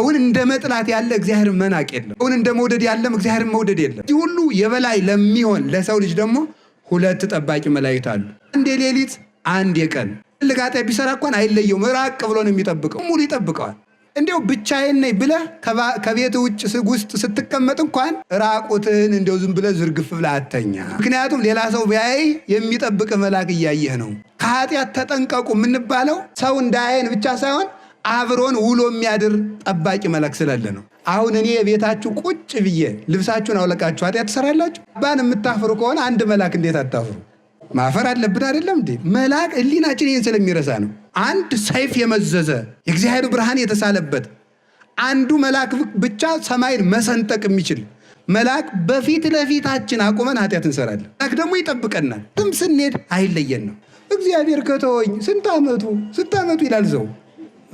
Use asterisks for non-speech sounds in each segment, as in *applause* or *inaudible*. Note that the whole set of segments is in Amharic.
እውን እንደ መጥላት ያለ እግዚአብሔር መናቅ የለም። እውን እንደ መውደድ ያለም እግዚአብሔር መውደድ የለም። እዚህ ሁሉ የበላይ ለሚሆን ለሰው ልጅ ደግሞ ሁለት ጠባቂ መላእክት አሉ፣ አንድ የሌሊት አንድ የቀን። ትልቅ ቢሰራ እንኳን አይለየውም፣ ራቅ ብሎ ነው የሚጠብቀው፣ ሙሉ ይጠብቀዋል። እንዲው ብቻዬን ነኝ ብለህ ከቤት ውጭ ውስጥ ስትቀመጥ እንኳን ራቁትህን እንደው ዝም ብለህ ዝርግፍ ብለህ አተኛ። ምክንያቱም ሌላ ሰው ቢያይ የሚጠብቅህ መልአክ እያየህ ነው። ከኃጢአት ተጠንቀቁ የምንባለው ሰው እንዳያየን ብቻ ሳይሆን አብሮን ውሎ የሚያድር ጠባቂ መልአክ ስላለ ነው። አሁን እኔ የቤታችሁ ቁጭ ብዬ ልብሳችሁን አውለቃችሁ ኃጢአት ትሰራላችሁ። አባን የምታፍሩ ከሆነ አንድ መልአክ እንዴት አታፍሩ? ማፈር አለብን አይደለም እንዴ? መልአክ ሕሊናችን ይህን ስለሚረሳ ነው። አንድ ሰይፍ የመዘዘ የእግዚአብሔር ብርሃን የተሳለበት አንዱ መልአክ ብቻ ሰማይን መሰንጠቅ የሚችል መልአክ በፊት ለፊታችን አቁመን ኃጢአት እንሰራለን። መልአክ ደግሞ ይጠብቀናል። ትም ስንሄድ አይለየን ነው። እግዚአብሔር ከተወኝ ስንት ዓመቱ ስንት ዓመቱ ይላል ሰው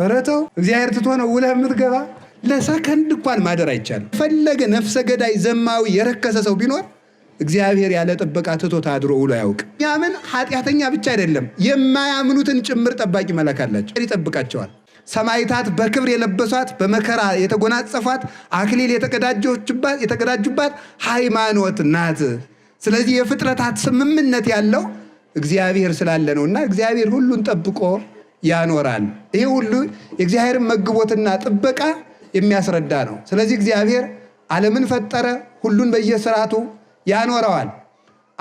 ኧረ ተው እግዚአብሔር ትቶ ነው ውለህ የምትገባ። ለሰከንድ እንኳን ማደር አይቻልም። ፈለገ ነፍሰ ገዳይ ዘማዊ የረከሰ ሰው ቢኖር እግዚአብሔር ያለ ጥበቃ ትቶ አድሮ ውሎ አያውቅ። ያምን ኃጢአተኛ ብቻ አይደለም የማያምኑትን ጭምር ጠባቂ መላክ አላቸው፣ ይጠብቃቸዋል። ሰማይታት በክብር የለበሷት በመከራ የተጎናጸፏት አክሊል የተቀዳጁባት ሃይማኖት ናት። ስለዚህ የፍጥረታት ስምምነት ያለው እግዚአብሔር ስላለ ነውና እግዚአብሔር ሁሉን ጠብቆ ያኖራል። ይህ ሁሉ የእግዚአብሔርን መግቦትና ጥበቃ የሚያስረዳ ነው። ስለዚህ እግዚአብሔር ዓለምን ፈጠረ፣ ሁሉን በየስርዓቱ ያኖረዋል።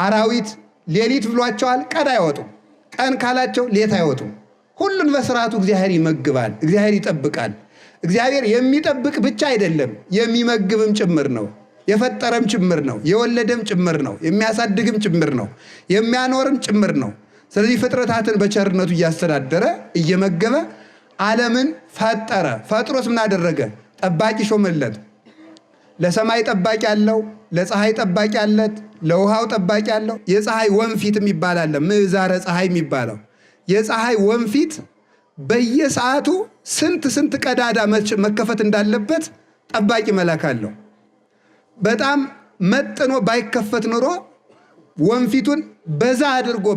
አራዊት ሌሊት ብሏቸዋል፣ ቀን አይወጡም። ቀን ካላቸው ሌት አይወጡም። ሁሉን በስርዓቱ እግዚአብሔር ይመግባል፣ እግዚአብሔር ይጠብቃል። እግዚአብሔር የሚጠብቅ ብቻ አይደለም የሚመግብም ጭምር ነው። የፈጠረም ጭምር ነው። የወለደም ጭምር ነው። የሚያሳድግም ጭምር ነው። የሚያኖርም ጭምር ነው። ስለዚህ ፍጥረታትን በቸርነቱ እያስተዳደረ እየመገበ ዓለምን ፈጠረ። ፈጥሮስ ምን አደረገ? ጠባቂ ሾመለት። ለሰማይ ጠባቂ አለው፣ ለፀሐይ ጠባቂ አለት፣ ለውሃው ጠባቂ አለው። የፀሐይ ወንፊት የሚባል አለ፣ ምዕዛረ ፀሐይ የሚባለው የፀሐይ ወንፊት በየሰዓቱ ስንት ስንት ቀዳዳ መከፈት እንዳለበት ጠባቂ መላክ አለው። በጣም መጥኖ ባይከፈት ኑሮ? ወንፊቱን በዛ አድርጎ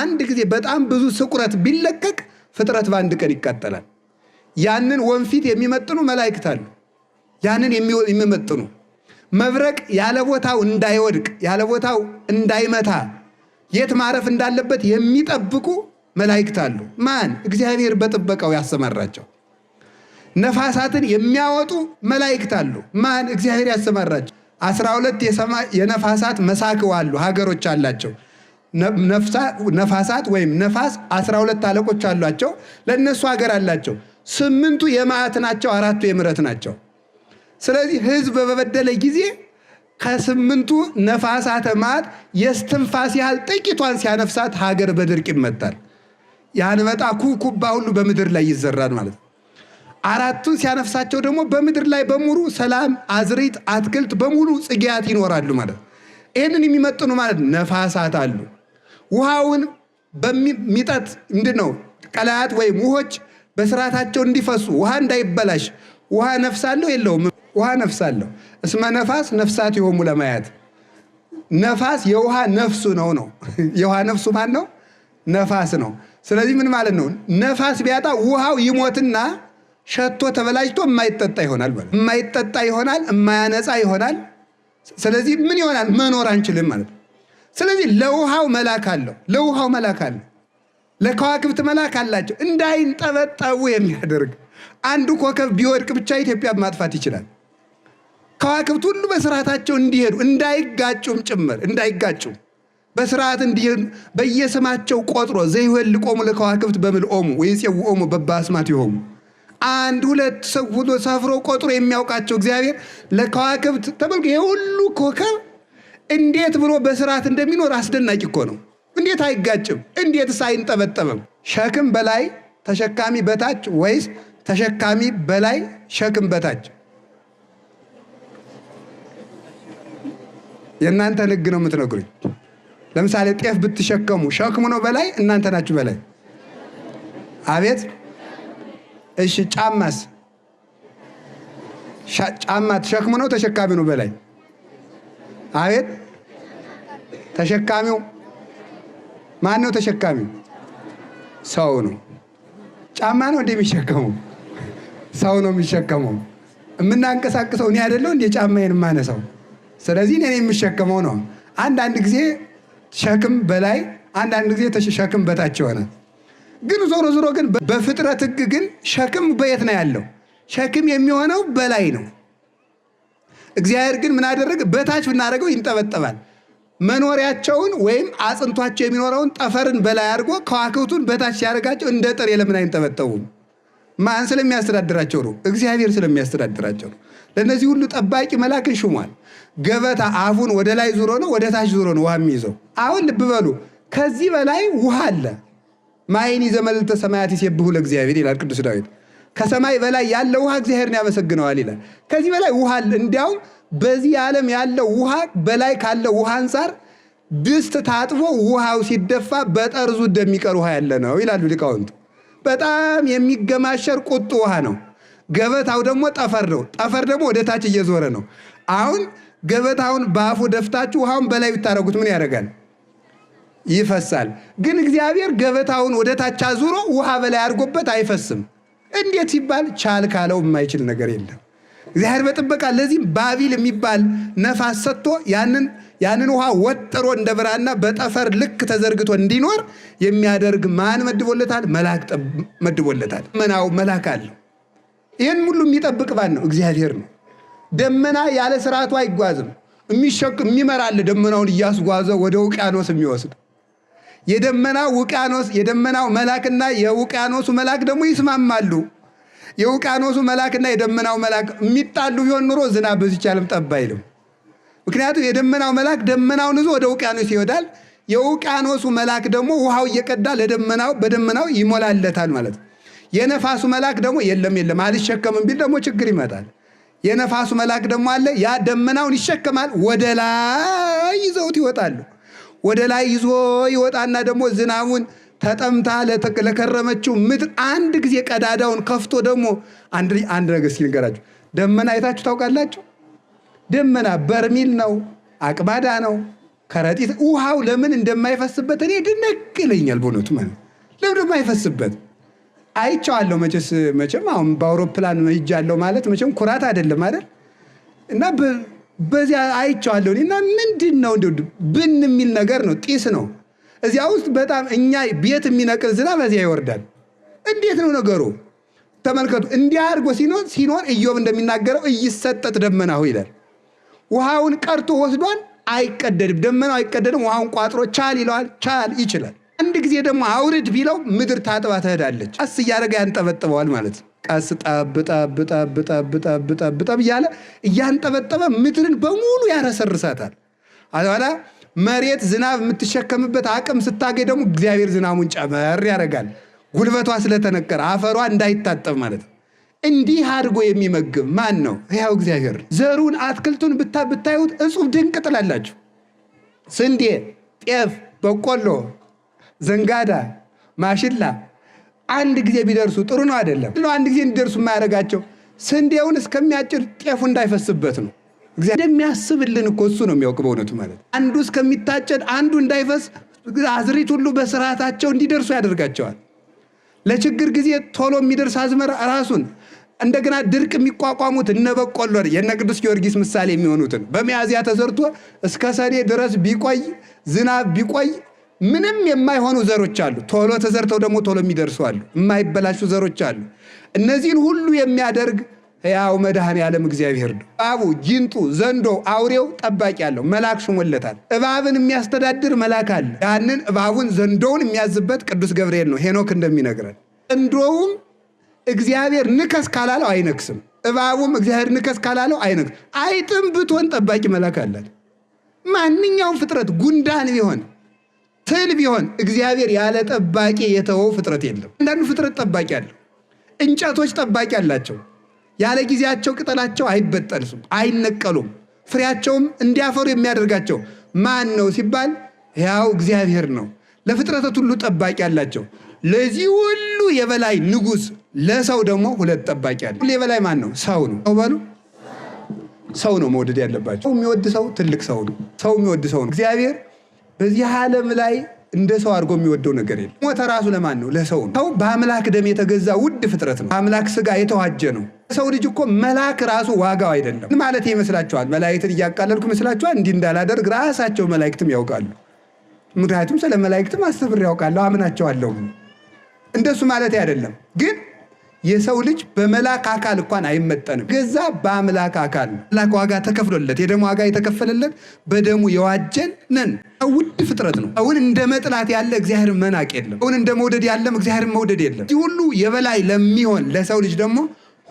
አንድ ጊዜ በጣም ብዙ ስቁረት ቢለቀቅ ፍጥረት በአንድ ቀን ይቃጠላል። ያንን ወንፊት የሚመጥኑ መላእክት አሉ። ያንን የሚመጥኑ መብረቅ ያለ ቦታው እንዳይወድቅ ያለ ቦታው እንዳይመታ የት ማረፍ እንዳለበት የሚጠብቁ መላእክት አሉ። ማን? እግዚአብሔር በጥበቃው ያሰማራቸው። ነፋሳትን የሚያወጡ መላእክት አሉ። ማን? እግዚአብሔር ያሰማራቸው። አስራ ሁለት የነፋሳት መሳክው አሉ ሀገሮች አላቸው። ነፋሳት ወይም ነፋስ አስራ ሁለት አለቆች አሏቸው። ለእነሱ ሀገር አላቸው። ስምንቱ የመዓት ናቸው፣ አራቱ የምረት ናቸው። ስለዚህ ህዝብ በበደለ ጊዜ ከስምንቱ ነፋሳተ መዓት የስትንፋስ ያህል ጥቂቷን ሲያነፍሳት ሀገር በድርቅ ይመታል። ያን በጣ ኩብኩባ ሁሉ በምድር ላይ ይዘራል ማለት ነው። አራቱን ሲያነፍሳቸው ደግሞ በምድር ላይ በሙሉ ሰላም፣ አዝሪት፣ አትክልት በሙሉ ጽጌያት ይኖራሉ ማለት ነው። ይህንን የሚመጥኑ ማለት ነፋሳት አሉ። ውሃውን በሚጠት ምንድን ነው ቀላያት ወይም ውሆች በስርዓታቸው እንዲፈሱ ውሃ እንዳይበላሽ። ውሃ ነፍሳለሁ የለውም? ውሃ ነፍሳለሁ። እስመ ነፋስ ነፍሳት የሆሙ ለማያት ነፋስ የውሃ ነፍሱ ነው ነው *laughs* የውሃ ነፍሱ ማን ነው? ነፋስ ነው። ስለዚህ ምን ማለት ነው? ነፋስ ቢያጣ ውሃው ይሞትና ሸቶ ተበላሽቶ የማይጠጣ ይሆናል ማለት የማይጠጣ ይሆናል፣ የማያነጻ ይሆናል። ስለዚህ ምን ይሆናል? መኖር አንችልም ማለት ነው። ስለዚህ ለውሃው መላክ አለው፣ ለውሃው መላክ አለው፣ ለከዋክብት መላክ አላቸው፣ እንዳይንጠበጠቡ የሚያደርግ አንዱ ኮከብ ቢወድቅ ብቻ ኢትዮጵያ ማጥፋት ይችላል። ከዋክብት ሁሉ በስርዓታቸው እንዲሄዱ እንዳይጋጩም ጭምር እንዳይጋጩም በስርዓት እንዲሄዱ በየስማቸው ቆጥሮ ዘይወል ቆሙ ለከዋክብት በምልኦሙ ወይጼውኦሙ በባስማት ይሆሙ አንድ ሁለት ሰው ሁሉ ሰፍሮ ቆጥሮ የሚያውቃቸው እግዚአብሔር ለከዋክብት ተመልኩ የሁሉ ኮከብ እንዴት ብሎ በስርዓት እንደሚኖር አስደናቂ እኮ ነው። እንዴት አይጋጭም? እንዴትስ አይንጠበጠብም? ሸክም በላይ ተሸካሚ በታች ወይስ ተሸካሚ በላይ ሸክም በታች? የእናንተን ንግ ነው የምትነግሩኝ። ለምሳሌ ጤፍ ብትሸከሙ ሸክሙ ነው በላይ፣ እናንተ ናችሁ በላይ። አቤት እሺ ጫማስ? ጫማ ተሸክሞ ነው ተሸካሚ ነው? በላይ አቤት፣ ተሸካሚው ማን ነው? ተሸካሚው ሰው ነው። ጫማ ነው እንደ የሚሸከመው ሰው ነው የሚሸከመው። የምናንቀሳቅሰው እኔ አይደለው እንደ ጫማዬን የማነሳው። ስለዚህ እኔ የሚሸከመው ነው። አንዳንድ ጊዜ ሸክም በላይ፣ አንዳንድ ጊዜ ሸክም በታች ይሆናል። ግን ዞሮ ዞሮ ግን በፍጥረት ህግ ግን ሸክም በየት ነው ያለው? ሸክም የሚሆነው በላይ ነው። እግዚአብሔር ግን ምን አደረገ? በታች ብናደርገው ይንጠበጠባል። መኖሪያቸውን ወይም አጽንቷቸው የሚኖረውን ጠፈርን በላይ አድርጎ ከዋክብቱን በታች ሲያደርጋቸው እንደ ጥሬ ለምን አይንጠበጠቡም? ማን ስለሚያስተዳድራቸው ነው? እግዚአብሔር ስለሚያስተዳድራቸው ነው። ለእነዚህ ሁሉ ጠባቂ መላክን ሹሟል። ገበታ አፉን ወደ ላይ ዙሮ ነው፣ ወደ ታች ዙሮ ነው ውሃ የሚይዘው። አሁን ልብ በሉ፣ ከዚህ በላይ ውሃ አለ። ማይን ዘመልዕልተ ሰማያት ይሴብሑ ለእግዚአብሔር ይላል ቅዱስ ዳዊት። ከሰማይ በላይ ያለው ውሃ እግዚአብሔርን ያመሰግነዋል ይላል። ከዚህ በላይ ውሃ እንዲያውም በዚህ ዓለም ያለው ውሃ በላይ ካለው ውሃ አንጻር ድስት ታጥቦ ውሃው ሲደፋ በጠርዙ እንደሚቀር ውሃ ያለ ነው ይላሉ ሊቃውንት። በጣም የሚገማሸር ቁጡ ውሃ ነው። ገበታው ደግሞ ጠፈር ነው። ጠፈር ደግሞ ወደ ታች እየዞረ ነው። አሁን ገበታውን በአፉ ደፍታችሁ ውሃውን በላይ ብታደረጉት ምን ያደርጋል? ይፈሳል። ግን እግዚአብሔር ገበታውን ወደ ታች አዙሮ ውሃ በላይ አድርጎበት አይፈስም። እንዴት ሲባል ቻል ካለው የማይችል ነገር የለም። እግዚአብሔር በጥበቃ ለዚህም ባቢል የሚባል ነፋስ ሰጥቶ ያንን ያንን ውሃ ወጥሮ እንደ ብራና በጠፈር ልክ ተዘርግቶ እንዲኖር የሚያደርግ ማን መድቦለታል? መላክ መድቦለታል። መናው መላክ አለው። ይህን ሁሉ የሚጠብቅ ባን ነው እግዚአብሔር ነው። ደመና ያለ ስርዓቱ አይጓዝም። የሚሸቅ የሚመራል ደመናውን እያስጓዘ ወደ ውቅያኖስ የሚወስድ የደመናው ውቅያኖስ የደመናው መላክና የውቅያኖሱ መላክ ደግሞ ይስማማሉ። የውቅያኖሱ መላክና የደመናው መላክ የሚጣሉ ቢሆን ኑሮ ዝናብ በዚች ዓለም ጠብ አይልም። ምክንያቱም የደመናው መላክ ደመናውን ይዞ ወደ ውቅያኖስ ይወዳል። የውቅያኖሱ መላክ ደግሞ ውሃው እየቀዳ ለደመናው በደመናው ይሞላለታል ማለት ነው። የነፋሱ መላክ ደግሞ የለም የለም አልሸከምም ቢል ደግሞ ችግር ይመጣል። የነፋሱ መላክ ደግሞ አለ፣ ያ ደመናውን ይሸከማል፣ ወደ ላይ ይዘውት ይወጣሉ። ወደ ላይ ይዞ ይወጣና ደግሞ ዝናቡን ተጠምታ ለከረመችው ምድር አንድ ጊዜ ቀዳዳውን ከፍቶ ደግሞ አንድ ነገር እስኪ ደመና አይታችሁ ታውቃላችሁ? ደመና በርሚል ነው፣ አቅባዳ ነው፣ ከረጢት ውሃው ለምን እንደማይፈስበት እኔ ድነቅ ይለኛል። በእውነቱ ማለት ለምን እንደማይፈስበት አይቼዋለሁ። መቼስ መቼም አሁን በአውሮፕላን ሂጃለሁ ማለት መቼም ኩራት አይደለም አይደል እና በዚያ አይቸዋለሁ እና ምንድን ነው እንደ ብን የሚል ነገር ነው፣ ጢስ ነው። እዚያ ውስጥ በጣም እኛ ቤት የሚነቅል ዝናብ በዚያ ይወርዳል። እንዴት ነው ነገሩ? ተመልከቱ። እንዲህ አድርጎ ሲኖር ሲኖር ኢዮብ እንደሚናገረው እይሰጠት ደመናሁ ይላል። ውሃውን ቀርቶ ወስዷል፣ አይቀደድም። ደመናው አይቀደድም። ውሃውን ቋጥሮ ቻል ይለዋል፣ ቻል ይችላል። አንድ ጊዜ ደግሞ አውርድ ቢለው ምድር ታጥባ ትሄዳለች። አስ እያደረገ ያንጠበጥበዋል ማለት ነው። ቀስ ጣብ ጣብ እያለ እያንጠበጠበ ምድርን በሙሉ ያረሰርሳታል። አኋላ መሬት ዝናብ የምትሸከምበት አቅም ስታገኝ ደግሞ እግዚአብሔር ዝናቡን ጨመር ያደርጋል። ጉልበቷ ስለተነቀረ አፈሯ እንዳይታጠብ ማለት ነው። እንዲህ አድርጎ የሚመግብ ማን ነው? ያው እግዚአብሔር። ዘሩን አትክልቱን ብታዩት እጹብ ድንቅ ጥላላችሁ። ስንዴ፣ ጤፍ፣ በቆሎ፣ ዘንጋዳ፣ ማሽላ አንድ ጊዜ ቢደርሱ ጥሩ ነው አይደለም? አንድ ጊዜ እንዲደርሱ የማያደርጋቸው ስንዴውን እስከሚያጭድ ጤፉ እንዳይፈስበት ነው። የሚያስብልን እኮ እሱ ነው የሚያውቅ በእውነቱ ማለት አንዱ እስከሚታጨድ አንዱ እንዳይፈስ አዝሪት ሁሉ በስርዓታቸው እንዲደርሱ ያደርጋቸዋል። ለችግር ጊዜ ቶሎ የሚደርስ አዝመራ ራሱን እንደገና ድርቅ የሚቋቋሙት እነ በቆሎ የነ ቅዱስ ጊዮርጊስ ምሳሌ የሚሆኑትን በሚያዝያ ተዘርቶ እስከ ሰኔ ድረስ ቢቆይ ዝናብ ቢቆይ ምንም የማይሆኑ ዘሮች አሉ። ቶሎ ተዘርተው ደግሞ ቶሎ የሚደርሱ አሉ። የማይበላሹ ዘሮች አሉ። እነዚህን ሁሉ የሚያደርግ ያው መድኃኔ ዓለም እግዚአብሔር ነው። እባቡ፣ ጊንጡ፣ ዘንዶ፣ አውሬው ጠባቂ አለው። መልአክ ሹሞለታል። እባብን የሚያስተዳድር መልአክ አለ። ያንን እባቡን ዘንዶውን የሚያዝበት ቅዱስ ገብርኤል ነው፣ ሄኖክ እንደሚነግረን። ዘንዶውም እግዚአብሔር ንከስ ካላለው አይነክስም። እባቡም እግዚአብሔር ንከስ ካላለው አይነክስም። አይጥም ብትሆን ጠባቂ መልአክ አላት። ማንኛውም ፍጥረት ጉንዳን ቢሆን ትል ቢሆን እግዚአብሔር ያለ ጠባቂ የተወው ፍጥረት የለም። አንዳንዱ ፍጥረት ጠባቂ አለው። እንጨቶች ጠባቂ አላቸው። ያለ ጊዜያቸው ቅጠላቸው አይበጠልም፣ አይነቀሉም። ፍሬያቸውም እንዲያፈሩ የሚያደርጋቸው ማን ነው ሲባል ያው እግዚአብሔር ነው። ለፍጥረታት ሁሉ ጠባቂ አላቸው። ለዚህ ሁሉ የበላይ ንጉሥ፣ ለሰው ደግሞ ሁለት ጠባቂ አለ። ሁሉ የበላይ ማን ነው? ሰው ነው። ሰው በሉ ሰው ነው መውደድ ያለባቸው። ሰው የሚወድ ሰው ትልቅ ሰው ነው። ሰው የሚወድ ሰው ነው እግዚአብሔር በዚህ ዓለም ላይ እንደ ሰው አድርጎ የሚወደው ነገር የለም። ሞተ ራሱ ለማን ነው? ለሰው ነው። ሰው በአምላክ ደም የተገዛ ውድ ፍጥረት ነው። አምላክ ስጋ የተዋጀ ነው። ሰው ልጅ እኮ መልአክ ራሱ ዋጋው አይደለም ማለት ይመስላችኋል። መላእክትን እያቃለልኩ ይመስላችኋል? እንዲህ እንዳላደርግ ራሳቸው መላእክትም ያውቃሉ። ምክንያቱም ስለ መላእክትም አስተብር ያውቃለሁ፣ አምናቸዋለሁ። እንደሱ ማለት አይደለም ግን የሰው ልጅ በመላክ አካል እንኳን አይመጠንም። ገዛ በአምላክ አካል ነው። ዋጋ ተከፍሎለት የደም ዋጋ የተከፈለለት በደሙ የዋጀን ነን። ውድ ፍጥረት ነው። አሁን እንደ መጥላት ያለ እግዚአብሔር መናቅ የለም። አሁን እንደ መውደድ ያለም እግዚአብሔር መውደድ የለም። እዚህ ሁሉ የበላይ ለሚሆን ለሰው ልጅ ደግሞ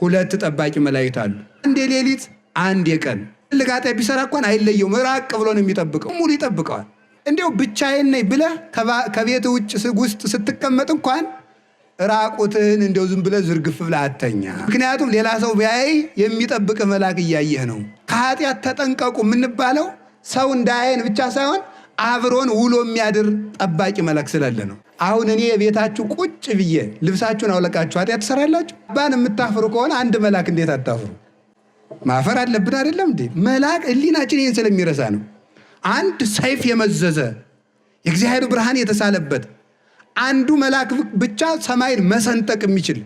ሁለት ጠባቂ መላእክት አሉ። አንድ የሌሊት አንድ የቀን። ትልቅ ቢሰራ እንኳን አይለየውም። ራቅ ብሎ ነው የሚጠብቀው። ሙሉ ይጠብቀዋል። እንዲያው ብቻዬን ነኝ ብለህ ከቤት ውጭ ውስጥ ስትቀመጥ እንኳን ራቁትህን እንደው ዝም ብለህ ዝርግፍ ብለህ አተኛ። ምክንያቱም ሌላ ሰው ቢያይ የሚጠብቅ መልአክ እያየህ ነው። ከኃጢአት ተጠንቀቁ የምንባለው ሰው እንዳያየን ብቻ ሳይሆን አብሮን ውሎ የሚያድር ጠባቂ መልአክ ስላለ ነው። አሁን እኔ የቤታችሁ ቁጭ ብዬ ልብሳችሁን አውለቃችሁ ኃጢአት ትሰራላችሁ። ባን የምታፍሩ ከሆነ አንድ መልአክ እንዴት አታፍሩ? ማፈር አለብን አይደለም እንዴ? መልአክ ሕሊናችን ይህን ስለሚረሳ ነው። አንድ ሰይፍ የመዘዘ የእግዚአብሔር ብርሃን የተሳለበት አንዱ መልአክ ብቻ ሰማይን መሰንጠቅ የሚችል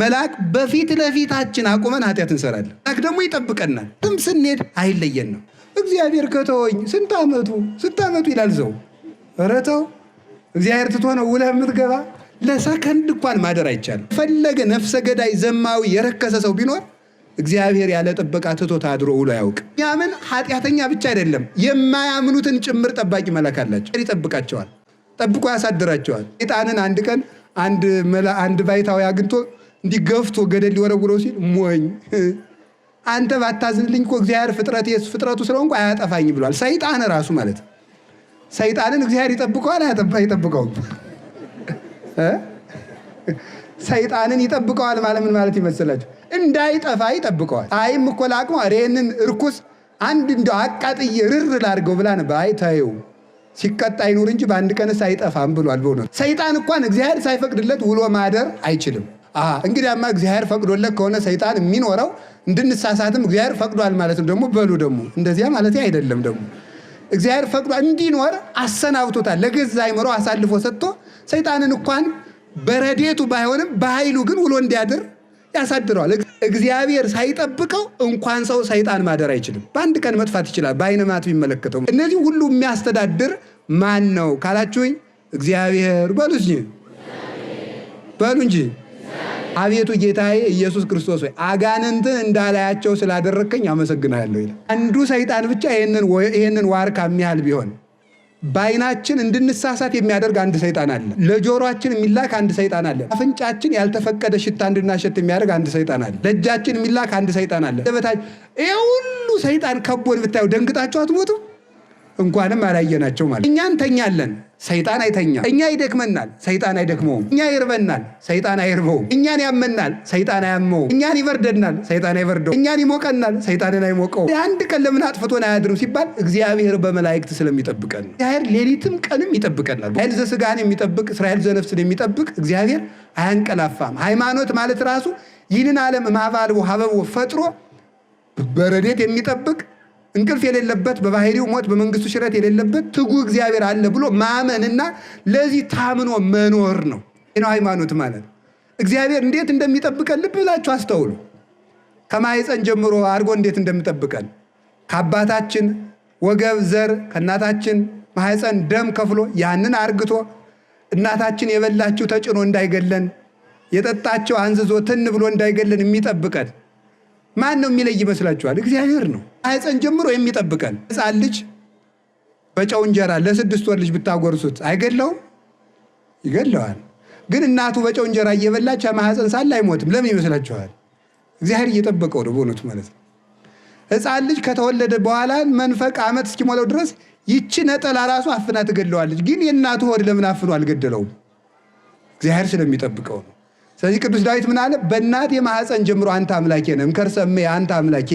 መልአክ በፊት ለፊታችን አቁመን ኃጢአት እንሰራለን። መልአክ ደግሞ ይጠብቀናል። ትም ስንሄድ አይለየን ነው። እግዚአብሔር ከተወኝ ስንት ዓመቱ ስንት ዓመቱ ይላል ሰው። ኧረ ተው እግዚአብሔር ትቶ ነው ውለህ የምትገባ። ለሰከንድ እንኳን ማደር አይቻልም። ፈለገ ነፍሰ ገዳይ፣ ዘማዊ፣ የረከሰ ሰው ቢኖር እግዚአብሔር ያለ ጥበቃ ትቶ ታድሮ ውሎ ያውቅ። ያምን ኃጢአተኛ ብቻ አይደለም የማያምኑትን ጭምር ጠባቂ መልአክ አላቸው፣ ይጠብቃቸዋል። ጠብቆ ያሳድራቸዋል። ሴጣንን አንድ ቀን አንድ ባይታዊ አግኝቶ እንዲገፍቶ ገደል ሊወረውረው ሲል ሞኝ *laughs* አንተ ባታዝንልኝ እኮ እግዚአብሔር ፍጥረት ፍጥረቱ ስለሆንኩ አያጠፋኝ ብሏል። ሰይጣን ራሱ ማለት ሰይጣንን እግዚአብሔር ይጠብቀዋል አይጠብቀውም? *laughs* ሰይጣንን ይጠብቀዋል ማለት ምን ማለት ይመስላችሁ? እንዳይጠፋ ይጠብቀዋል። አይም እኮ ለአቅሟ ይህንን እርኩስ አንድ እንደ አቃጥዬ ርር ላድርገው ብላ ነበር። አይ ተይው ሲቀጣ አይኑር እንጂ በአንድ ቀንስ አይጠፋም ብሏል። በእውነቱ ሰይጣን እንኳን እግዚአብሔር ሳይፈቅድለት ውሎ ማደር አይችልም። እንግዲያማ እግዚአብሔር ፈቅዶለት ከሆነ ሰይጣን የሚኖረው እንድንሳሳትም እግዚአብሔር ፈቅዷል ማለት ነው። ደግሞ በሉ ደግሞ እንደዚያ ማለት አይደለም። ደግሞ እግዚአብሔር ፈቅዷል እንዲኖር አሰናብቶታል። ለገዛ አይምሮ አሳልፎ ሰጥቶ ሰይጣንን እንኳን በረዴቱ ባይሆንም በኃይሉ ግን ውሎ እንዲያድር ያሳድረዋል። እግዚአብሔር ሳይጠብቀው እንኳን ሰው ሰይጣን ማደር አይችልም። በአንድ ቀን መጥፋት ይችላል። በአይነ ማት የሚመለከተው እነዚህ ሁሉ የሚያስተዳድር ማን ነው ካላችሁኝ፣ እግዚአብሔር በሉ እንጂ በሉ እንጂ። አቤቱ ጌታዬ ኢየሱስ ክርስቶስ ሆይ አጋንንትን እንዳላያቸው ስላደረግከኝ አመሰግናለሁ ይላል። አንዱ ሰይጣን ብቻ ይህንን ዋርካ የሚያህል ቢሆን በአይናችን እንድንሳሳት የሚያደርግ አንድ ሰይጣን አለ። ለጆሮአችን የሚላክ አንድ ሰይጣን አለ። አፍንጫችን ያልተፈቀደ ሽታ እንድናሸት የሚያደርግ አንድ ሰይጣን አለ። ለእጃችን የሚላክ አንድ ሰይጣን አለ። በታች ይህ ሁሉ ሰይጣን ከቦን ብታየው ደንግጣቸው አትሞቱ። እንኳንም አላየናቸው ማለት እኛ እንተኛለን። ሰይጣን አይተኛ። እኛ ይደክመናል፣ ሰይጣን አይደክመውም። እኛ ይርበናል፣ ሰይጣን አይርበውም። እኛን ያመናል፣ ሰይጣን አያመውም። እኛን ይበርደናል፣ ሰይጣን አይበርደው። እኛን ይሞቀናል፣ ሰይጣንን አይሞቀውም። አንድ ቀን ለምን አጥፍቶን አያድርም ሲባል እግዚአብሔር በመላእክት ስለሚጠብቀን እግዚአብሔር ሌሊትም ቀንም ይጠብቀናል። ኃይል ዘስጋን የሚጠብቅ እስራኤል ዘነፍስን የሚጠብቅ እግዚአብሔር አያንቀላፋም። ሃይማኖት ማለት ራሱ ይህንን ዓለም ማባልቦ ሀበቦ ፈጥሮ በረዴት የሚጠብቅ እንቅልፍ የሌለበት በባህሪው ሞት በመንግስቱ ሽረት የሌለበት ትጉ እግዚአብሔር አለ ብሎ ማመንና ለዚህ ታምኖ መኖር ነው። ነው ሃይማኖት ማለት እግዚአብሔር እንዴት እንደሚጠብቀን ልብ ብላችሁ አስተውሉ። ከማይፀን ጀምሮ አድርጎ እንዴት እንደሚጠብቀን ከአባታችን ወገብ ዘር ከእናታችን ማህፀን ደም ከፍሎ ያንን አርግቶ እናታችን የበላችው ተጭኖ እንዳይገለን የጠጣቸው አንዝዞ ትን ብሎ እንዳይገለን የሚጠብቀን ማን ነው የሚለይ ይመስላችኋል? እግዚአብሔር ነው። አይፀን ጀምሮ የሚጠብቀን ህፃን ልጅ በጨው እንጀራ ለስድስት ወር ልጅ ብታጎርሱት አይገለውም ይገለዋል። ግን እናቱ በጨው እንጀራ እየበላች ማህፀን ሳለ አይሞትም። ለምን ይመስላችኋል? እግዚአብሔር እየጠበቀው ነው በእውነቱ ማለት ነው። ህፃን ልጅ ከተወለደ በኋላ መንፈቅ ዓመት እስኪሞላው ድረስ ይቺ ነጠላ ራሱ አፍና ትገለዋለች። ግን የእናቱ ሆድ ለምን አፍኖ አልገደለውም? እግዚአብሔር ስለሚጠብቀው ነው። ስለዚህ ቅዱስ ዳዊት ምን አለ? በእናቴ ማህፀን ጀምሮ አንተ አምላኬ ነህ። እምከርሰ አንተ አምላኬ፣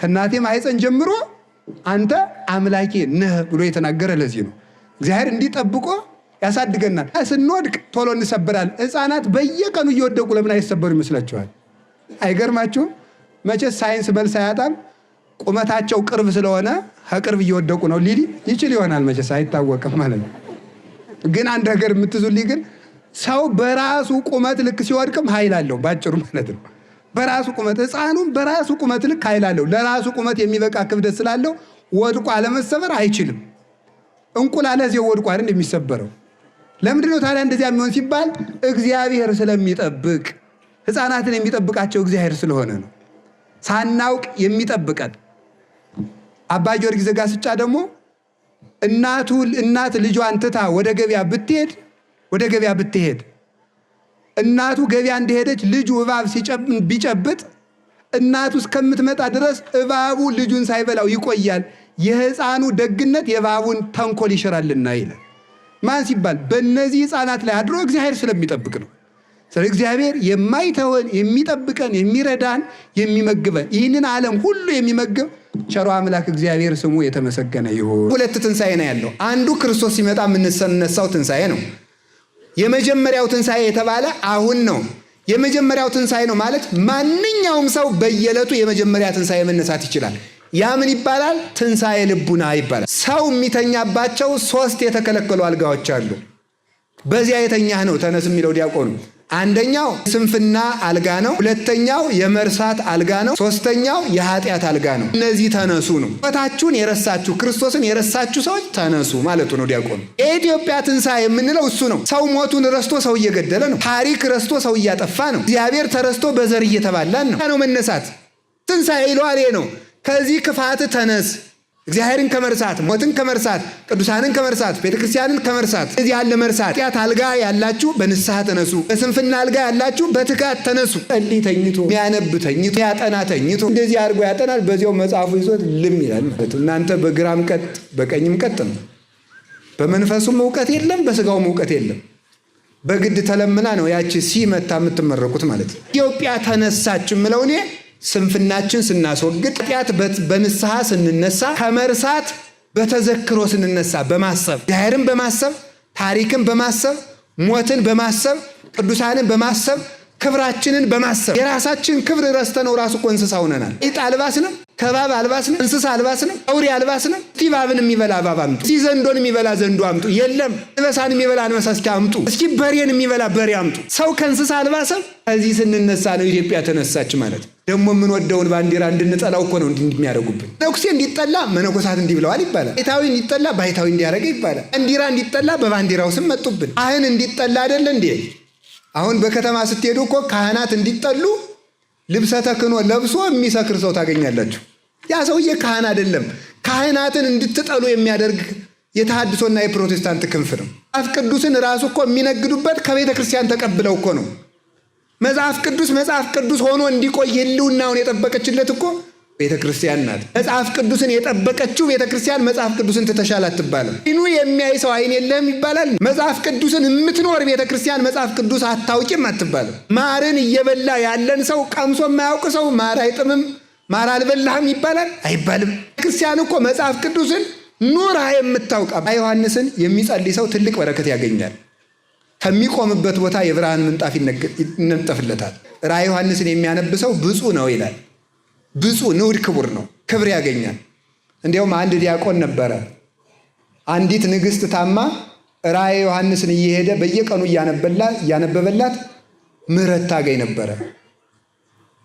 ከእናቴ ማህፀን ጀምሮ አንተ አምላኬ ነህ ብሎ የተናገረ ለዚህ ነው። እግዚአብሔር እንዲህ ጠብቆ ያሳድገናል። ስንወድቅ ቶሎ እንሰበራል። ህፃናት በየቀኑ እየወደቁ ለምን አይሰበሩ ይመስላችኋል? አይገርማችሁም? መቼስ ሳይንስ መልስ አያጣም። ቁመታቸው ቅርብ ስለሆነ ከቅርብ እየወደቁ ነው ሊል ይችል ይሆናል። መቼስ አይታወቅም ማለት ነው። ግን አንድ ነገር የምትዙልኝ ግን ሰው በራሱ ቁመት ልክ ሲወድቅም ኃይል አለው፣ ባጭሩ ማለት ነው። በራሱ ቁመት ህፃኑም በራሱ ቁመት ልክ ኃይል አለው። ለራሱ ቁመት የሚበቃ ክብደት ስላለው ወድቆ አለመሰበር አይችልም። እንቁላለ እዚያው ወድቆ አይደል የሚሰበረው? ለምንድን ነው ታዲያ እንደዚያ የሚሆን ሲባል እግዚአብሔር ስለሚጠብቅ ህፃናትን የሚጠብቃቸው እግዚአብሔር ስለሆነ ነው። ሳናውቅ የሚጠብቀን አባ ጊዮርጊስ ዘጋስጫ ደግሞ እናቱ እናት ልጇን ትታ ወደ ገበያ ብትሄድ ወደ ገበያ ብትሄድ እናቱ ገበያ እንደሄደች ልጁ እባብ ቢጨብጥ እናቱ እስከምትመጣ ድረስ እባቡ ልጁን ሳይበላው ይቆያል። የሕፃኑ ደግነት የእባቡን ተንኮል ይሽራልና ይለ ማን ሲባል በእነዚህ ሕፃናት ላይ አድሮ እግዚአብሔር ስለሚጠብቅ ነው። ስለ እግዚአብሔር የማይተወን የሚጠብቀን፣ የሚረዳን፣ የሚመግበን ይህንን ዓለም ሁሉ የሚመግብ ቸሮ አምላክ እግዚአብሔር ስሙ የተመሰገነ ይሁን። ሁለት ትንሣኤ ነው ያለው። አንዱ ክርስቶስ ሲመጣ የምንነሳው ትንሣኤ ነው። የመጀመሪያው ትንሣኤ የተባለ አሁን ነው። የመጀመሪያው ትንሣኤ ነው ማለት ማንኛውም ሰው በየዕለቱ የመጀመሪያ ትንሣኤ መነሳት ይችላል። ያ ምን ይባላል? ትንሣኤ ልቡና ይባላል። ሰው የሚተኛባቸው ሶስት የተከለከሉ አልጋዎች አሉ። በዚያ የተኛህ ነው ተነስ የሚለው ዲያቆኑ አንደኛው ስንፍና አልጋ ነው። ሁለተኛው የመርሳት አልጋ ነው። ሶስተኛው የኃጢአት አልጋ ነው። እነዚህ ተነሱ ነው። ሕይወታችሁን የረሳችሁ ክርስቶስን የረሳችሁ ሰዎች ተነሱ ማለቱ ነው። ዲያቆን የኢትዮጵያ ትንሣኤ የምንለው እሱ ነው። ሰው ሞቱን ረስቶ ሰው እየገደለ ነው። ታሪክ ረስቶ ሰው እያጠፋ ነው። እግዚአብሔር ተረስቶ በዘር እየተባላን ነው ነው መነሳት ትንሣኤ ይለዋል ነው። ከዚህ ክፋት ተነስ እግዚአብሔርን ከመርሳት፣ ሞትን ከመርሳት፣ ቅዱሳንን ከመርሳት፣ ቤተክርስቲያንን ከመርሳት እዚህ ያለ መርሳት ጢአት አልጋ ያላችሁ በንስሐ ተነሱ። በስንፍና አልጋ ያላችሁ በትጋት ተነሱ። ጸልይ ተኝቶ ሚያነብ ተኝቶ ያጠና ተኝቶ እንደዚህ አድርጎ ያጠናል። በዚያው መጽሐፉ ይዞት ልም ይላል ማለት እናንተ በግራም ቀጥ በቀኝም ቀጥ ነው። በመንፈሱም እውቀት የለም፣ በስጋውም እውቀት የለም። በግድ ተለምና ነው ያቺ ሲመታ የምትመረቁት ማለት ኢትዮጵያ ተነሳች ምለው እኔ ስንፍናችን ስናስወግድ ኃጢአት በንስሐ ስንነሳ ከመርሳት በተዘክሮ ስንነሳ በማሰብ ዳይርን በማሰብ ታሪክን በማሰብ ሞትን በማሰብ ቅዱሳንን በማሰብ ክብራችንን በማሰብ የራሳችን ክብር ረስተነው ራሱ እኮ እንስሳ ሆነናል። ኢጥ አልባስ ነው፣ ከባብ አልባስ ነው፣ እንስሳ አልባስ ነው፣ አውሬ አልባስ ነው። እስቲ ባብን የሚበላ ባብ አምጡ፣ እስቲ ዘንዶን የሚበላ ዘንዶ አምጡ፣ የለም አንበሳን የሚበላ አንበሳ እስኪ አምጡ፣ እስኪ በሬን የሚበላ በሬ አምጡ። ሰው ከእንስሳ አልባሰብ። ከዚህ ስንነሳ ነው ኢትዮጵያ ተነሳች ማለት ነው። ደግሞ የምንወደውን ባንዲራ እንድንጠላው እኮ ነው እንዲህ የሚያደርጉብን። እንዲጠላ መነኮሳት እንዲህ ብለዋል ይባላል። ባይታዊ እንዲጠላ ባይታዊ እንዲያደርገ ይባላል። እንዲራ እንዲጠላ በባንዲራው ስም መጡብን። አህን እንዲጠላ አይደለ እንዴ? አሁን በከተማ ስትሄዱ እኮ ካህናት እንዲጠሉ ልብሰ ተክኖ ለብሶ የሚሰክር ሰው ታገኛላችሁ። ያ ሰውዬ ካህን አይደለም። ካህናትን እንድትጠሉ የሚያደርግ የተሃድሶና የፕሮቴስታንት ክንፍ ነው። መጽሐፍ ቅዱስን ራሱ እኮ የሚነግዱበት ከቤተ ክርስቲያን ተቀብለው እኮ ነው። መጽሐፍ ቅዱስ መጽሐፍ ቅዱስ ሆኖ እንዲቆይ ሕልውናውን የጠበቀችለት እኮ ቤተ ክርስቲያን ናት። መጽሐፍ ቅዱስን የጠበቀችው ቤተ ክርስቲያን መጽሐፍ ቅዱስን ትተሻል አትባልም። አይኑ የሚያይ ሰው አይን የለህም ይባላል። መጽሐፍ ቅዱስን የምትኖር ቤተ ክርስቲያን መጽሐፍ ቅዱስ አታውቂም አትባልም። ማርን እየበላ ያለን ሰው ቀምሶ የማያውቅ ሰው ማር አይጥምም፣ ማር አልበላህም ይባላል አይባልም። ክርስቲያን እኮ መጽሐፍ ቅዱስን ኑራ የምታውቃ ዮሐንስን የሚጸልይ ሰው ትልቅ በረከት ያገኛል። ከሚቆምበት ቦታ የብርሃን ምንጣፍ ይነጠፍለታል። ራእየ ዮሐንስን የሚያነብሰው ብፁ ነው ይላል። ብፁ ንዑድ ክቡር ነው፣ ክብር ያገኛል። እንዲያውም አንድ ዲያቆን ነበረ። አንዲት ንግሥት ታማ ራእየ ዮሐንስን እየሄደ በየቀኑ እያነበበላት ምሕረት ታገኝ ነበረ።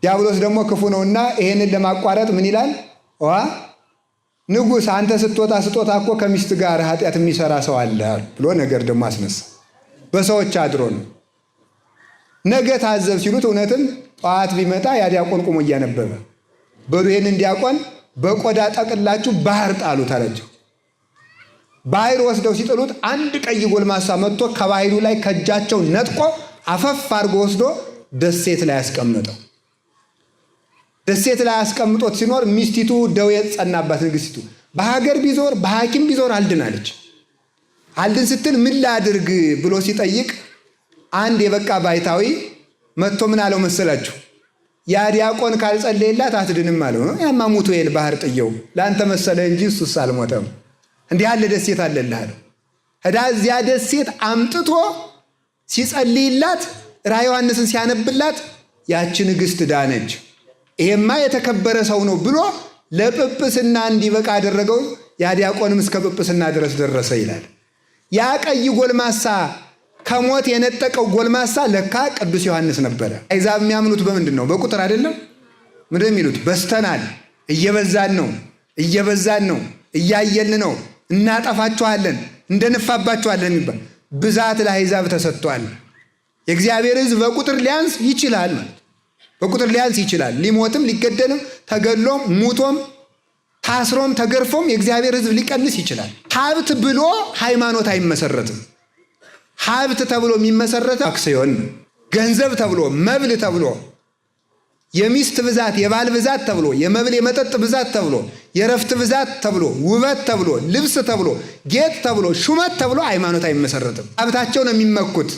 ዲያብሎስ ደግሞ ክፉ ነውና ይሄንን ለማቋረጥ ምን ይላል? ዋ ንጉሥ፣ አንተ ስትወጣ ስጦታ እኮ ከሚስት ጋር ኃጢአት የሚሰራ ሰው አለ ብሎ ነገር ደግሞ አስነሳ። በሰዎች አድሮ ነው። ነገ ታዘብ ሲሉት እውነትም ጠዋት ቢመጣ ያ ዲያቆን ቁሞ እያነበበ በሉ ይህንን ዲያቆን በቆዳ ጠቅላችሁ ባህር ጣሉት አላቸው። ባህር ወስደው ሲጥሉት አንድ ቀይ ጎልማሳ መጥቶ ከባህሩ ላይ ከእጃቸው ነጥቆ አፈፍ አድርጎ ወስዶ ደሴት ላይ ያስቀምጠው። ደሴት ላይ አስቀምጦት ሲኖር ሚስቲቱ ደዌ ጸናባት። ንግስቲቱ በሀገር ቢዞር በሐኪም ቢዞር አልድናለች። አልድን ስትል ምን ላድርግ ብሎ ሲጠይቅ አንድ የበቃ ባይታዊ መጥቶ ምን አለው መሰላችሁ? ያ ዲያቆን ካልጸለየላት አትድንም አለው። ያማ ሙቶ የል ባህር ጥየው ለአንተ መሰለ እንጂ እሱስ አልሞተም። እንዲህ ያለ ደሴት አለልህ እዳ እዚያ ደሴት አምጥቶ ሲጸልይላት ራ ዮሐንስን ሲያነብላት ያቺ ንግሥት ዳነች። ይሄማ የተከበረ ሰው ነው ብሎ ለጵጵስና እንዲበቃ አደረገው። ያ ዲያቆንም እስከ ጵጵስና ድረስ ደረሰ ይላል። ያ ቀይ ጎልማሳ ከሞት የነጠቀው ጎልማሳ ለካ ቅዱስ ዮሐንስ ነበረ። አይዛብ የሚያምኑት በምንድን ነው? በቁጥር አይደለም። ምንድን የሚሉት? በስተናል፣ እየበዛን ነው፣ እየበዛን ነው፣ እያየን ነው፣ እናጠፋችኋለን፣ እንደንፋባችኋለን የሚባል ብዛት ለአይዛብ ተሰጥቷል። የእግዚአብሔር ሕዝብ በቁጥር ሊያንስ ይችላል በቁጥር ሊያንስ ይችላል። ሊሞትም ሊገደልም ተገሎም ሙቶም ታስሮም ተገርፎም የእግዚአብሔር ህዝብ ሊቀንስ ይችላል። ሀብት ብሎ ሃይማኖት አይመሰረትም። ሀብት ተብሎ የሚመሰረተ አክሲዮን፣ ገንዘብ ተብሎ፣ መብል ተብሎ፣ የሚስት ብዛት፣ የባል ብዛት ተብሎ፣ የመብል የመጠጥ ብዛት ተብሎ፣ የእረፍት ብዛት ተብሎ፣ ውበት ተብሎ፣ ልብስ ተብሎ፣ ጌጥ ተብሎ፣ ሹመት ተብሎ ሃይማኖት አይመሰረትም። ሀብታቸው ነው የሚመኩት።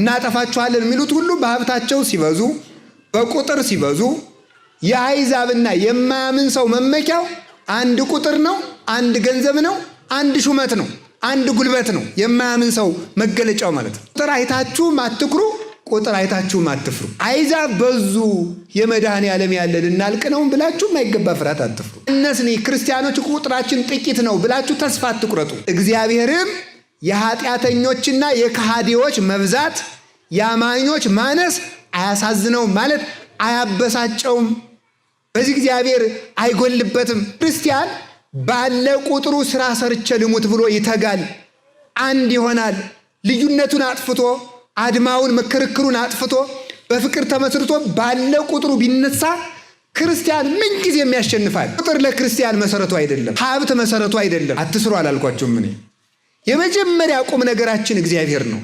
እናጠፋችኋለን የሚሉት ሁሉ በሀብታቸው ሲበዙ፣ በቁጥር ሲበዙ የአይዛብና የማያምን ሰው መመኪያው አንድ ቁጥር ነው፣ አንድ ገንዘብ ነው፣ አንድ ሹመት ነው፣ አንድ ጉልበት ነው። የማያምን ሰው መገለጫው ማለት ነው። ቁጥር አይታችሁም አትኩሩ፣ ቁጥር አይታችሁም አትፍሩ። አይዛብ በዙ፣ የመድኃኔ ዓለም ያለን እናልቅ ነው ብላችሁ የማይገባ ፍርሃት አትፍሩ። እነስኒ ክርስቲያኖች ቁጥራችን ጥቂት ነው ብላችሁ ተስፋ አትቁረጡ። እግዚአብሔርም የኃጢአተኞችና የከሃዲዎች መብዛት የአማኞች ማነስ አያሳዝነውም ማለት አያበሳጨውም። በዚህ እግዚአብሔር አይጎልበትም። ክርስቲያን ባለ ቁጥሩ ስራ ሰርቼ ልሙት ብሎ ይተጋል፣ አንድ ይሆናል። ልዩነቱን አጥፍቶ አድማውን ክርክሩን አጥፍቶ በፍቅር ተመስርቶ ባለ ቁጥሩ ቢነሳ ክርስቲያን ምንጊዜም ያሸንፋል። ቁጥር ለክርስቲያን መሰረቱ አይደለም፣ ሀብት መሰረቱ አይደለም። አትስሩ አላልኳቸውም እኔ። የመጀመሪያ ቁም ነገራችን እግዚአብሔር ነው።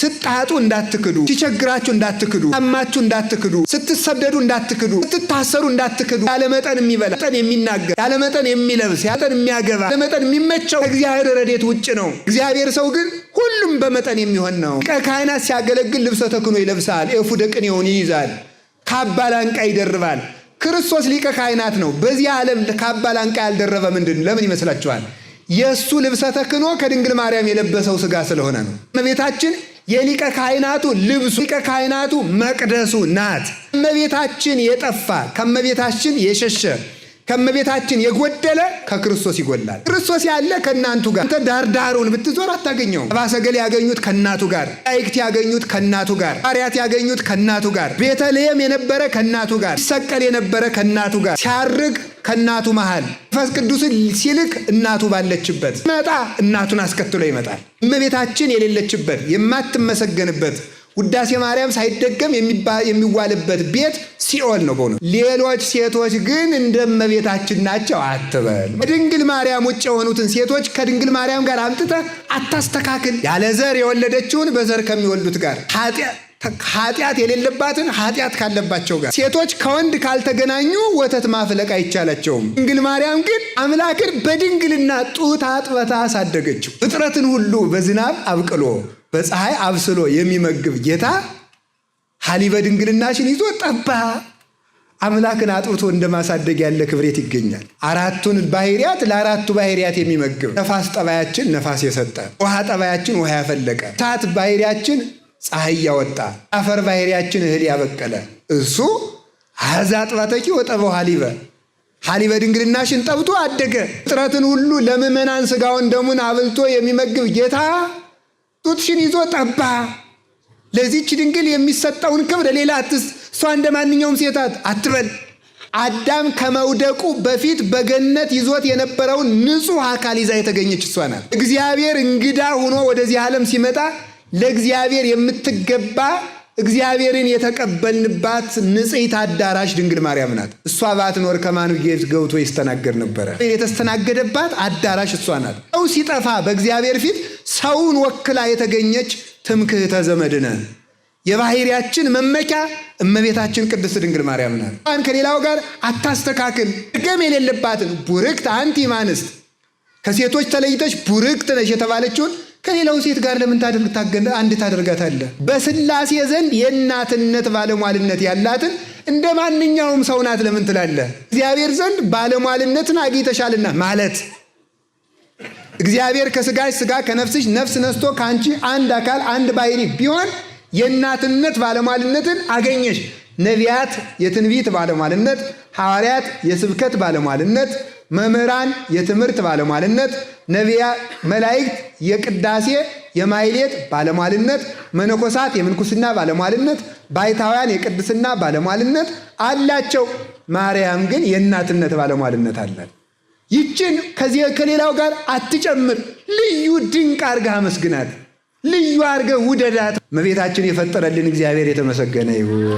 ስጣጡ እንዳትክዱ፣ ሲቸግራችሁ እንዳትክዱ፣ ታማችሁ እንዳትክዱ፣ ስትሰደዱ እንዳትክዱ፣ ስትታሰሩ እንዳትክዱ። ያለመጠን የሚበላ መጠን የሚናገር ያለመጠን የሚለብስ ያለመጠን የሚያገባ ያለመጠን የሚመቸው ከእግዚአብሔር ረዴት ውጭ ነው። እግዚአብሔር ሰው ግን ሁሉም በመጠን የሚሆን ነው። ሊቀ ሲያገለግል ልብሰ ተክኖ ይለብሳል፣ ኤፉደ ቅኔውን ይይዛል፣ ካባ ላንቃ ይደርባል። ክርስቶስ ሊቀ ካህናት ነው። በዚህ ዓለም ካባ ላንቃ ያልደረበ ምንድን ለምን ይመስላችኋል? የእሱ ልብሰ ተክኖ ከድንግል ማርያም የለበሰው ስጋ ስለሆነ ነው። እመቤታችን የሊቀ ካህናቱ ልብሱ ሊቀ ካህናቱ መቅደሱ ናት። ከመቤታችን የጠፋ ከመቤታችን የሸሸ ከመቤታችን የጎደለ ከክርስቶስ ይጎላል። ክርስቶስ ያለ ከእናንቱ ጋር አንተ ዳርዳሩን ብትዞር አታገኘውም። ባሰገል ያገኙት ከእናቱ ጋር፣ አይክት ያገኙት ከእናቱ ጋር፣ አርያት ያገኙት ከእናቱ ጋር፣ ቤተልሔም የነበረ ከእናቱ ጋር፣ ሲሰቀል የነበረ ከእናቱ ጋር፣ ሲያርግ ከእናቱ መሃል፣ መንፈስ ቅዱስን ሲልክ እናቱ ባለችበት መጣ። እናቱን አስከትሎ ይመጣል። እመቤታችን የሌለችበት የማትመሰገንበት ውዳሴ ማርያም ሳይደገም የሚዋልበት ቤት ሲኦል ነው። በሆነ ሌሎች ሴቶች ግን እንደ እመቤታችን ናቸው አትበል። ከድንግል ማርያም ውጭ የሆኑትን ሴቶች ከድንግል ማርያም ጋር አምጥተህ አታስተካክል። ያለ ዘር የወለደችውን በዘር ከሚወልዱት ጋር ኃጢአት የሌለባትን ኃጢአት ካለባቸው ጋር ሴቶች ከወንድ ካልተገናኙ ወተት ማፍለቅ አይቻላቸውም። ድንግል ማርያም ግን አምላክን በድንግልና ጡት አጥበታ አሳደገችው፣ ፍጥረትን ሁሉ በዝናብ አብቅሎ በፀሐይ አብስሎ የሚመግብ ጌታ ሀሊበ ድንግልናሽን ይዞ ጠባ አምላክን አጥብቶ እንደማሳደግ ያለ ክብሬት ይገኛል። አራቱን ባህሪያት ለአራቱ ባህሪያት የሚመግብ ነፋስ ጠባያችን ነፋስ የሰጠ፣ ውሃ ጠባያችን ውሃ ያፈለቀ፣ እሳት ባህሪያችን ፀሐይ ያወጣ፣ አፈር ባህሪያችን እህል ያበቀለ እሱ አዛ ጥባተቂ ወጠበው ሀሊበ ሀሊበ ድንግልናሽን ጠብቶ አደገ። ፍጥረትን ሁሉ ለምእመናን ስጋውን ደሙን አብልቶ የሚመግብ ጌታ ጡትሽን ይዞ ጠባ። ለዚች ድንግል የሚሰጠውን ክብር ሌላ አትስ እሷ እንደ ማንኛውም ሴታት አትበል። አዳም ከመውደቁ በፊት በገነት ይዞት የነበረውን ንጹሕ አካል ይዛ የተገኘች እሷ ናት። እግዚአብሔር እንግዳ ሆኖ ወደዚህ ዓለም ሲመጣ ለእግዚአብሔር የምትገባ እግዚአብሔርን የተቀበልንባት ንጽሕት አዳራሽ ድንግል ማርያም ናት። እሷ ባትኖር ከማን ጌት ገብቶ ይስተናገድ ነበረ። የተስተናገደባት አዳራሽ እሷ ናት። ሰው ሲጠፋ በእግዚአብሔር ፊት ሰውን ወክላ የተገኘች ትምክህተ ዘመድነ የባሕርያችን መመኪያ እመቤታችን ቅድስት ድንግል ማርያም ናት። እንኳን ከሌላው ጋር አታስተካክል። ድርገም የሌለባትን ቡርክት አንቲ ማንስት ከሴቶች ተለይተች ቡርክት ነች የተባለችውን ከሌላው ሴት ጋር ለምን አንድ ታደርጋታለህ? በስላሴ ዘንድ የእናትነት ባለሟልነት ያላትን እንደ ማንኛውም ሰው ናት ለምን ትላለህ? እግዚአብሔር ዘንድ ባለሟልነትን አግኝተሻልና ማለት እግዚአብሔር ከስጋሽ ስጋ ከነፍስሽ ነፍስ ነስቶ ከአንቺ አንድ አካል አንድ ባህሪ ቢሆን የእናትነት ባለሟልነትን አገኘሽ። ነቢያት የትንቢት ባለሟልነት፣ ሐዋርያት የስብከት ባለሟልነት መምህራን የትምህርት ባለሟልነት፣ ነቢያ መላእክት የቅዳሴ የማይሌት ባለሟልነት፣ መነኮሳት የምንኩስና ባለሟልነት፣ ባይታውያን የቅድስና ባለሟልነት አላቸው። ማርያም ግን የእናትነት ባለሟልነት አላት። ይችን ከዚህ ከሌላው ጋር አትጨምር፣ ልዩ ድንቅ አድርገህ አመስግናት፣ ልዩ አርገ ውደዳት። እመቤታችን የፈጠረልን እግዚአብሔር የተመሰገነ ይሁን።